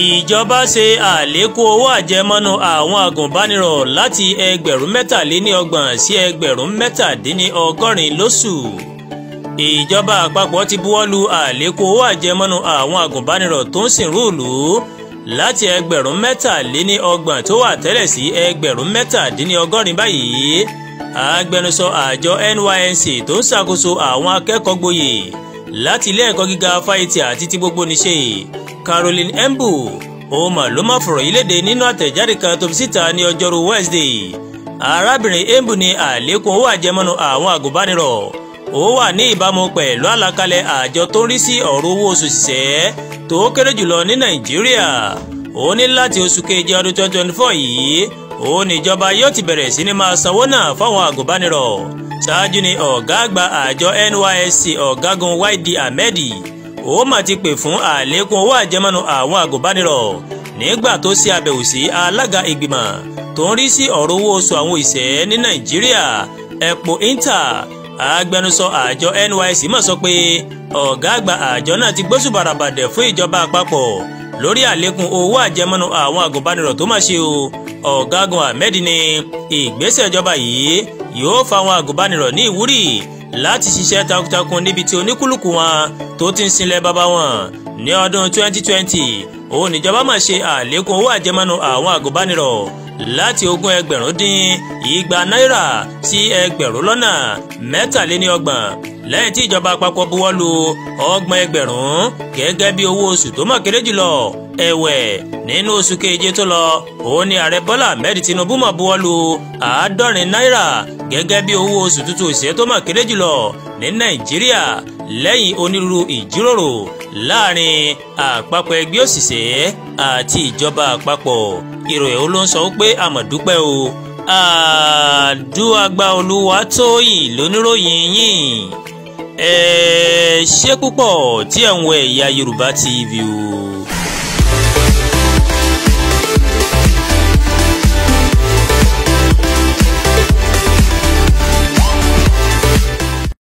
ìjọba ṣe àlékún owó àjẹmọ́nú àwọn agùnbánirọ̀ láti ẹgbẹ̀rún mẹ́tàléníọgbọ̀n sí ẹgbẹ̀rún mẹ́tàdínníọgọ́rin lóṣù ìjọba àpapọ̀ ti buwọ́lu àlékún owó àjẹmọ́nú àwọn agùnbánirọ̀ tó ń sìnrúùlú láti ẹgbẹ̀rún mẹ́tàléníọgbọ̀n tó wà tẹ́lẹ̀ sí ẹgbẹ̀rún mẹ́tàdínníọgọ́rin báyìí agbẹnusọ àjọ NYSC tó ń ṣàkóso àwọn akẹ́kọ̀ọ́ gboyè láti ilé ẹ̀kọ́ gíga fáyetì àti ti gbogbo níṣe Caroline Embu òun mà ló má fọ̀rọ̀ yìí léde nínú àtẹ̀jáde kan tó fi síta ní ọjọ́rú Wednesday arábìnrin Embu ní àlékún owó àjẹmọ́nu àwọn àgùnbánirọ̀ ó wà ní ìbámu pẹ̀lú àlàkalẹ̀ àjọ tó ń rí sí ọ̀rọ̀ owó oṣù ṣiṣẹ́ tó kéré jùlọ ní Nàìjíríà ó ní láti oṣù keje ọdún 2024 yìí ó níjọba yóò ti bẹ̀rẹ̀ sí ní máa sanwó náà fáwọn àgùnbánirọ̀ ṣáájú ni ọ̀gá àgbà àjọ NYSC ọ̀gágun YD Ahmed ó mà ti pè fún àlékún owó àjẹmọ́nu àwọn àgùnbánirọ̀ nígbà tó ṣe àbẹ̀wò sí alága ìgbìmọ̀ tó ń rí sí ọ̀rọ̀ owó oṣù àwọn ìṣẹ́ ní nàìjíríà epo inter agbẹnusọ àjọ NYSC mọ̀ sọ pé ọ̀gá àgbà àjọ náà ti gbóṣù bàràbàdẹ̀ fún ìjọba àpapọ̀ lórí àlékún owó àjẹmọ́nu àwọn àgùnbánirọ̀ tó máa ṣe o ọ̀gágun Ahmed ní ìgbésẹ̀ ìjọba yìí yóò fa àwọn àgùnbánirọ̀ ní ìwúrí láti ṣiṣẹ́ takuntakun níbi tí oníkúlùkù wọn tó ti ń sinlẹ̀ bàbá wọn ní ọdún 2020 òun níjọba máa ṣe àlékún owó àjẹmánu àwọn àgùnbánirọ̀ láti ogún ẹgbẹ̀rún dín igba náírà sí ẹgbẹ̀rún lọ́nà mẹ́tàléníọgbọ̀n lẹ́yìn tí ìjọba àpapọ̀ buwọ́lu ọgbọ̀n ẹgbẹ̀rún gẹ́gẹ́ bí owó oṣù tó mọ̀ kéré jùlọ ẹ̀wẹ̀ nínú oṣù keje tó lọ òun ni ààrẹ bọ́lá ahmed tinubu mọ̀ buwọ́lu àádọ́rin náírà gẹ́gẹ́ bí owó oṣù tuntun òṣìṣẹ́ tó mọ̀ kéré jùlọ ní nàìjíríà lẹ́yìn onírúurú ìjíròrò láàrin àpapọ̀ ẹgbẹ́ òṣìṣẹ́ àti ìjọba àpapọ̀ ìròyìn ó ló ń sọ pé àmọ̀dúpẹ́ o àdúràgbà olúwatóyìn lóníròyìn yìí ẹ ṣé púpọ̀ tí ẹ̀ ń wo Ẹ̀yà Yorùbá TV o.